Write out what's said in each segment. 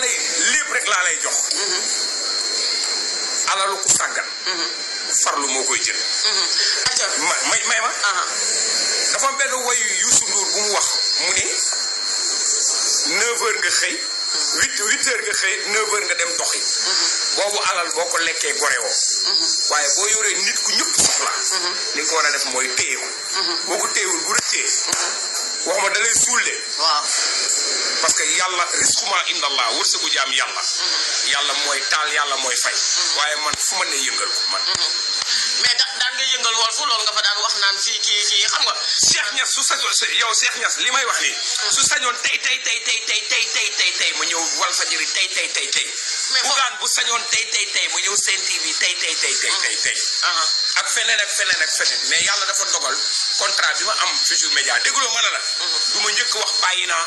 ma lépp rek laa lay jox. Mm-hmm. alalu ku sàggan. Mm-hmm. farlu moo koy jël. Mm-hmm. ma may ma. Uh-huh. dafa am benn woy Youssou bu mu wax mu ni neuf heures nga xëy. huit huit heures nga xëy neuf nga dem doxi. boobu alal boo ko lekkee gore woo. waaye boo yoree nit ku ñëpp soxla. li nga ko war a def mooy téye boo ko téyewul bu rëccee. wax ma da lay que yàlla risquement indallah wërsëgu jaam yàlla. yàlla mooy taal yàlla mooy fay. waaye man fu ma ne yëngal ko man. mais da daan nga yëngal wol fu loolu nga fa daan wax naan fii kii kii xam nga. Cheikh Niass su sañoon yow Cheikh Niass li may wax nii. su sañoon tey tey tey tey tey tey tey tey tey mu ñëw wal fa jëri tey tey tey tey. mais bugaan bu sañoon tey tey tey mu ñëw seen TV tey tey tey tey tey tey. ak feneen ak feneen ak feneen mais yàlla dafa dogal contrat bi ma am Futurs Médias dégloo ma ne la. du ma njëkk wax bàyyi naa.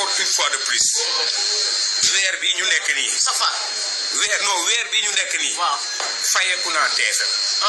encore une fois de plus weer bi ñu nekk nii. safar weer non weer bi ñu nekk nii. waaw fayeeku naa TFM.